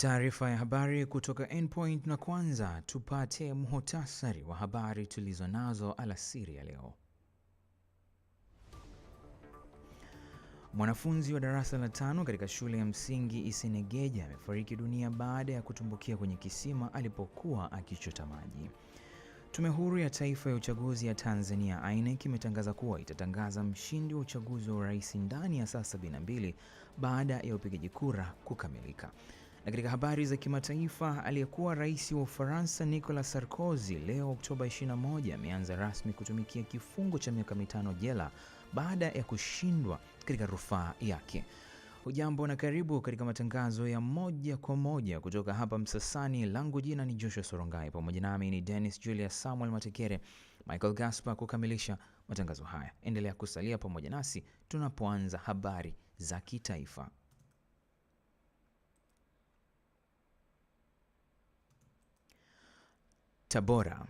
Taarifa ya habari kutoka Endpoint, na kwanza tupate muhtasari wa habari tulizo nazo alasiri ya leo. Mwanafunzi wa darasa la tano katika shule ya msingi Isenegeja amefariki dunia baada ya kutumbukia kwenye kisima alipokuwa akichota maji. Tume Huru ya Taifa ya Uchaguzi ya Tanzania INEC imetangaza kuwa itatangaza mshindi wa uchaguzi wa urais ndani ya saa 72 baada ya upigaji kura kukamilika. Na katika habari za kimataifa, aliyekuwa rais wa Ufaransa Nicolas Sarkozy leo Oktoba 21 ameanza rasmi kutumikia kifungo cha miaka mitano jela baada ya kushindwa katika rufaa yake. Hujambo na karibu katika matangazo ya moja kwa moja kutoka hapa Msasani. Langu jina ni Joshua Sorongai, pamoja nami ni Dennis Julius Samuel Matekere, Michael Gaspar kukamilisha matangazo haya. Endelea kusalia pamoja nasi tunapoanza habari za kitaifa. Tabora.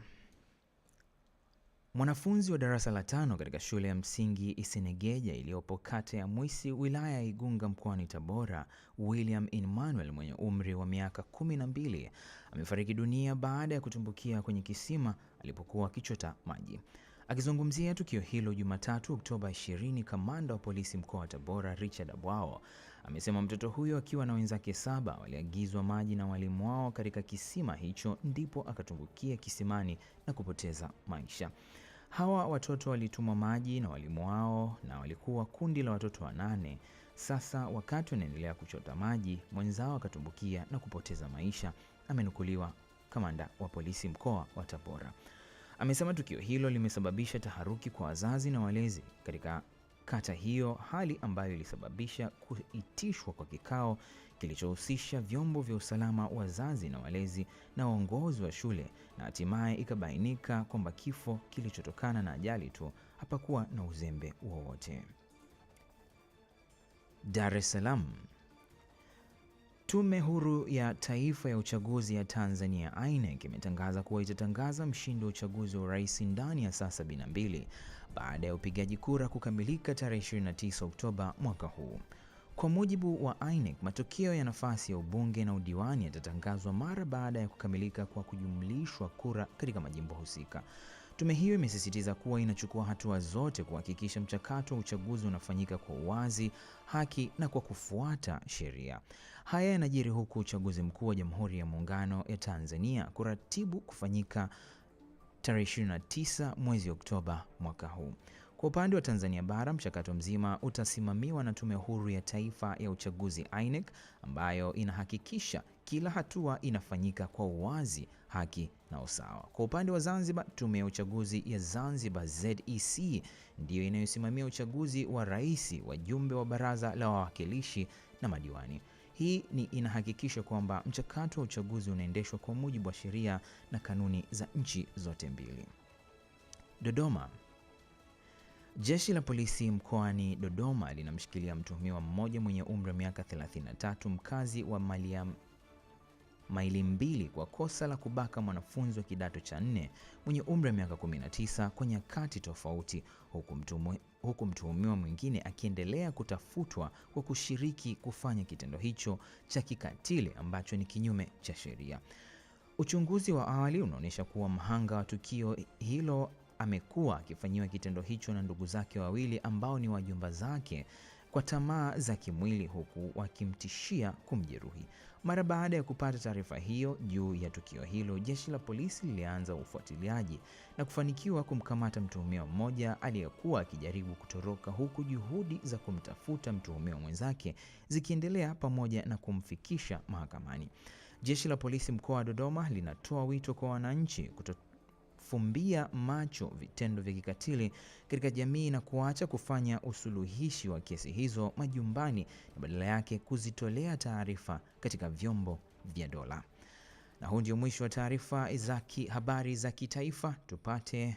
Mwanafunzi wa darasa la tano katika shule ya msingi Isenegeja iliyopo kata ya Mwisi wilaya ya Igunga mkoani Tabora, William Emmanuel mwenye umri wa miaka kumi na mbili amefariki dunia baada ya kutumbukia kwenye kisima alipokuwa akichota maji. Akizungumzia tukio hilo Jumatatu Oktoba 20, kamanda wa polisi mkoa wa Tabora Richard Abwao amesema mtoto huyo akiwa na wenzake saba waliagizwa maji na walimu wao katika kisima hicho, ndipo akatumbukia kisimani na kupoteza maisha. Hawa watoto walitumwa maji na walimu wao na walikuwa kundi la watoto wanane. Sasa wakati wanaendelea kuchota maji, mwenzao akatumbukia na kupoteza maisha, amenukuliwa kamanda wa polisi mkoa wa Tabora. Amesema tukio hilo limesababisha taharuki kwa wazazi na walezi katika kata hiyo, hali ambayo ilisababisha kuitishwa kwa kikao kilichohusisha vyombo vya usalama, wazazi na walezi na uongozi wa shule, na hatimaye ikabainika kwamba kifo kilichotokana na ajali tu, hapakuwa na uzembe wowote. Dar es Salaam Tume Huru ya Taifa ya Uchaguzi ya Tanzania INEC imetangaza kuwa itatangaza mshindi wa uchaguzi wa urais ndani ya saa 72 baada ya upigaji kura kukamilika tarehe 29 Oktoba mwaka huu. Kwa mujibu wa INEC, matokeo ya nafasi ya ubunge na udiwani yatatangazwa mara baada ya kukamilika kwa kujumlishwa kura katika majimbo husika. Tume hiyo imesisitiza kuwa inachukua hatua zote kuhakikisha mchakato wa uchaguzi unafanyika kwa uwazi, haki na kwa kufuata sheria. Haya yanajiri huku uchaguzi mkuu wa Jamhuri ya Muungano ya Tanzania kuratibu kufanyika tarehe 29 mwezi Oktoba mwaka huu. Kwa upande wa Tanzania bara, mchakato mzima utasimamiwa na Tume Huru ya Taifa ya Uchaguzi INEC ambayo inahakikisha kila hatua inafanyika kwa uwazi, haki na usawa. Kwa upande wa Zanzibar, Tume ya Uchaguzi ya Zanzibar ZEC ndiyo inayosimamia uchaguzi wa rais, wajumbe wa Baraza la Wawakilishi na madiwani. Hii ni inahakikisha kwamba mchakato wa uchaguzi unaendeshwa kwa mujibu wa sheria na kanuni za nchi zote mbili. Dodoma Jeshi la polisi mkoani Dodoma linamshikilia mtuhumiwa mmoja mwenye umri wa miaka 33 mkazi wa Malia maili mbili kwa kosa la kubaka mwanafunzi wa kidato cha nne mwenye umri wa miaka 19 kwa nyakati tofauti, huku mtuhumiwa mwingine akiendelea kutafutwa kwa kushiriki kufanya kitendo hicho cha kikatili ambacho ni kinyume cha sheria. Uchunguzi wa awali unaonyesha kuwa mhanga wa tukio hilo amekuwa akifanyiwa kitendo hicho na ndugu zake wawili ambao ni wajomba zake kwa tamaa za kimwili huku wakimtishia kumjeruhi. Mara baada ya kupata taarifa hiyo juu ya tukio hilo, jeshi la polisi lilianza ufuatiliaji na kufanikiwa kumkamata mtuhumiwa mmoja aliyekuwa akijaribu kutoroka, huku juhudi za kumtafuta mtuhumiwa mwenzake zikiendelea pamoja na kumfikisha mahakamani. Jeshi la polisi mkoa wa Dodoma linatoa wito kwa wananchi kuto kufumbia macho vitendo vya kikatili katika jamii na kuacha kufanya usuluhishi wa kesi hizo majumbani na badala yake kuzitolea taarifa katika vyombo vya dola. Na huu ndio mwisho wa taarifa za habari za kitaifa. Tupate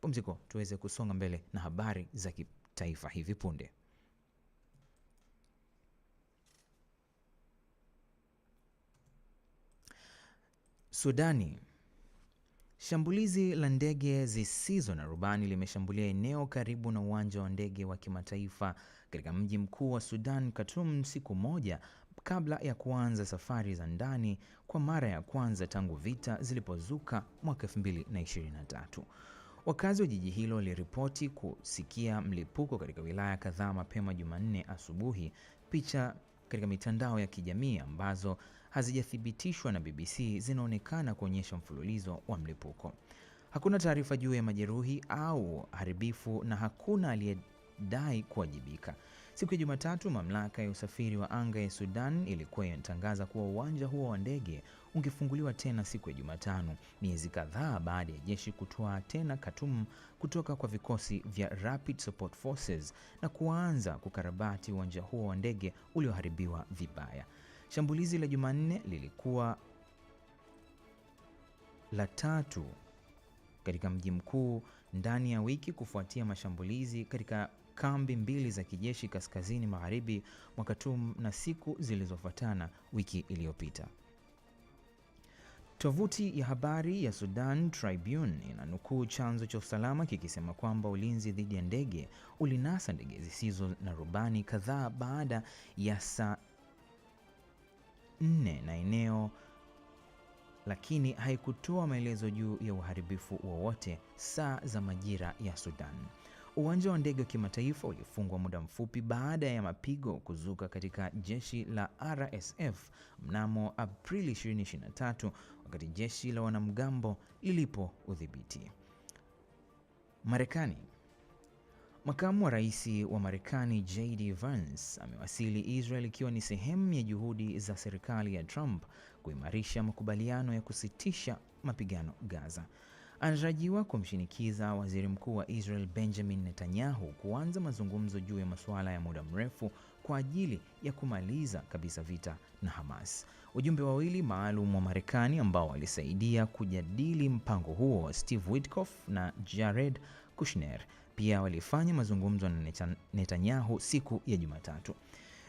pumziko tuweze kusonga mbele na habari za kitaifa hivi punde. Sudani Shambulizi la ndege zisizo na rubani limeshambulia eneo karibu na uwanja wa ndege wa kimataifa katika mji mkuu wa Sudan, Khartoum, siku moja kabla ya kuanza safari za ndani kwa mara ya kwanza tangu vita zilipozuka mwaka 2023. Wakazi wa jiji hilo waliripoti kusikia mlipuko katika wilaya kadhaa mapema Jumanne asubuhi, picha katika mitandao ya kijamii ambazo hazijathibitishwa na BBC zinaonekana kuonyesha mfululizo wa mlipuko. Hakuna taarifa juu ya majeruhi au haribifu na hakuna aliyedai kuwajibika. Siku ya Jumatatu, mamlaka ya usafiri wa anga ya Sudan ilikuwa inatangaza kuwa uwanja huo wa ndege ungefunguliwa tena siku ya Jumatano, miezi kadhaa baada ya jeshi kutoa tena Khartoum kutoka kwa vikosi vya Rapid Support Forces na kuanza kukarabati uwanja huo wa ndege ulioharibiwa vibaya. Shambulizi la Jumanne lilikuwa la tatu katika mji mkuu ndani ya wiki kufuatia mashambulizi katika kambi mbili za kijeshi kaskazini magharibi mwa Khartoum na siku zilizofuatana wiki iliyopita. Tovuti ya habari ya Sudan Tribune inanukuu chanzo cha usalama kikisema kwamba ulinzi dhidi ya ndege ulinasa ndege zisizo na rubani kadhaa baada ya saa nne na eneo lakini haikutoa maelezo juu ya uharibifu wowote saa za majira ya Sudan. Uwanja wa ndege wa kimataifa ulifungwa muda mfupi baada ya mapigo kuzuka katika jeshi la RSF mnamo Aprili 2023 wakati jeshi la wanamgambo lilipo udhibiti. Marekani. Makamu wa rais wa Marekani JD Vance amewasili Israel ikiwa ni sehemu ya juhudi za serikali ya Trump kuimarisha makubaliano ya kusitisha mapigano Gaza anatarajiwa kumshinikiza waziri mkuu wa Israel Benjamin Netanyahu kuanza mazungumzo juu ya masuala ya muda mrefu kwa ajili ya kumaliza kabisa vita na Hamas. Wajumbe wawili maalum wa Marekani ambao walisaidia kujadili mpango huo, Steve Witkoff na Jared Kushner, pia walifanya mazungumzo na Netanyahu siku ya Jumatatu.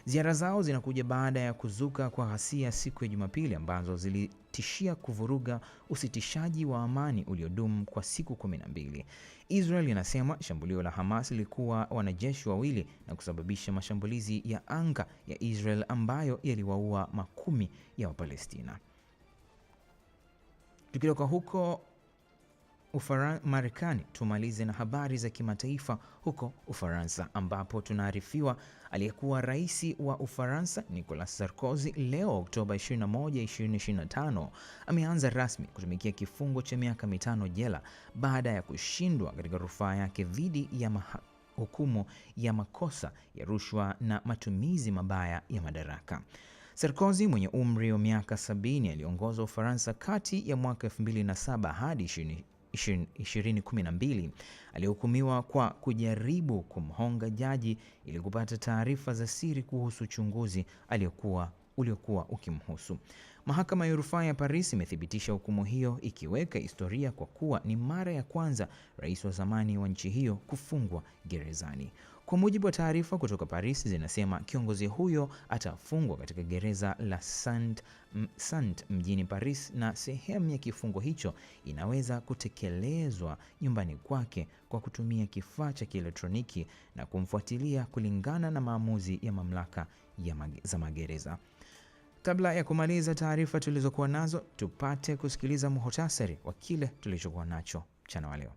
Ziara zao zinakuja baada ya kuzuka kwa ghasia siku ya Jumapili ambazo zilitishia kuvuruga usitishaji wa amani uliodumu kwa siku kumi na mbili. Israel inasema shambulio la Hamas lilikuwa wanajeshi wawili na kusababisha mashambulizi ya anga ya Israel ambayo yaliwaua makumi ya Wapalestina. Tukitoka huko Marekani. Tumalize na habari za kimataifa huko Ufaransa, ambapo tunaarifiwa aliyekuwa rais wa Ufaransa Nicolas Sarkozy leo Oktoba 21, 2025 ameanza rasmi kutumikia kifungo cha miaka mitano jela baada ya kushindwa katika rufaa yake dhidi ya hukumu ya makosa ya rushwa na matumizi mabaya ya madaraka. Sarkozy mwenye umri wa miaka 7b aliongoza Ufaransa kati ya mwaka 2007 hadi 2012 alihukumiwa kwa kujaribu kumhonga jaji ili kupata taarifa za siri kuhusu uchunguzi aliokuwa uliokuwa ukimhusu. Mahakama ya Rufaa ya Paris imethibitisha hukumu hiyo ikiweka historia kwa kuwa ni mara ya kwanza rais wa zamani wa nchi hiyo kufungwa gerezani. Kwa mujibu wa taarifa kutoka Paris zinasema kiongozi huyo atafungwa katika gereza la Sant, Saint mjini Paris na sehemu ya kifungo hicho inaweza kutekelezwa nyumbani kwake kwa kutumia kifaa cha kielektroniki na kumfuatilia kulingana na maamuzi ya mamlaka ya mag za magereza. Kabla ya kumaliza taarifa tulizokuwa nazo, tupate kusikiliza muhtasari wa kile tulichokuwa nacho mchana wa leo.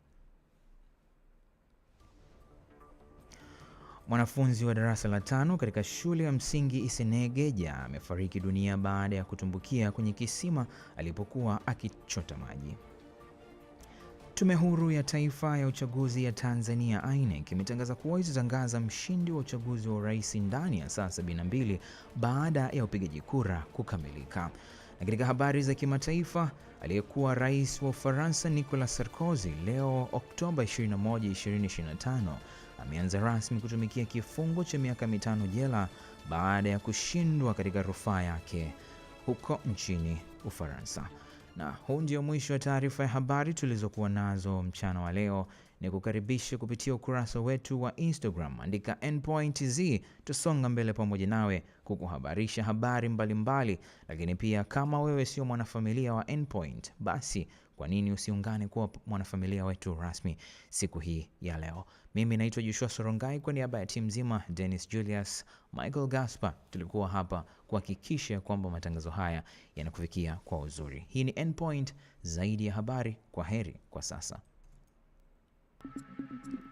Mwanafunzi wa darasa la tano katika shule ya msingi Isenegeja amefariki dunia baada ya kutumbukia kwenye kisima alipokuwa akichota maji. Tume Huru ya Taifa ya Uchaguzi ya Tanzania INEC imetangaza kuwa itatangaza mshindi wa uchaguzi wa urais ndani ya saa 72 baada ya upigaji kura kukamilika. Na katika habari za kimataifa, aliyekuwa rais wa Ufaransa Nicolas Sarkozy leo Oktoba 21, 2025 ameanza rasmi kutumikia kifungo cha miaka mitano jela baada ya kushindwa katika rufaa yake huko nchini Ufaransa na huu ndio mwisho wa taarifa ya habari tulizokuwa nazo mchana wa leo ni kukaribisha kupitia ukurasa wetu wa Instagram, andika nPoint tusonga mbele pamoja nawe kukuhabarisha habari mbalimbali mbali. Lakini pia kama wewe sio mwanafamilia wa nPoint, basi kwa nini usiungane kuwa mwanafamilia wetu rasmi siku hii ya leo? Mimi naitwa Joshua Sorongai, kwa niaba ya timu nzima, Dennis Julius, Michael Gaspar, tulikuwa hapa kuhakikisha kwamba matangazo haya yanakufikia kwa uzuri. Hii ni nPoint, zaidi ya habari. Kwa heri kwa sasa. Thank you.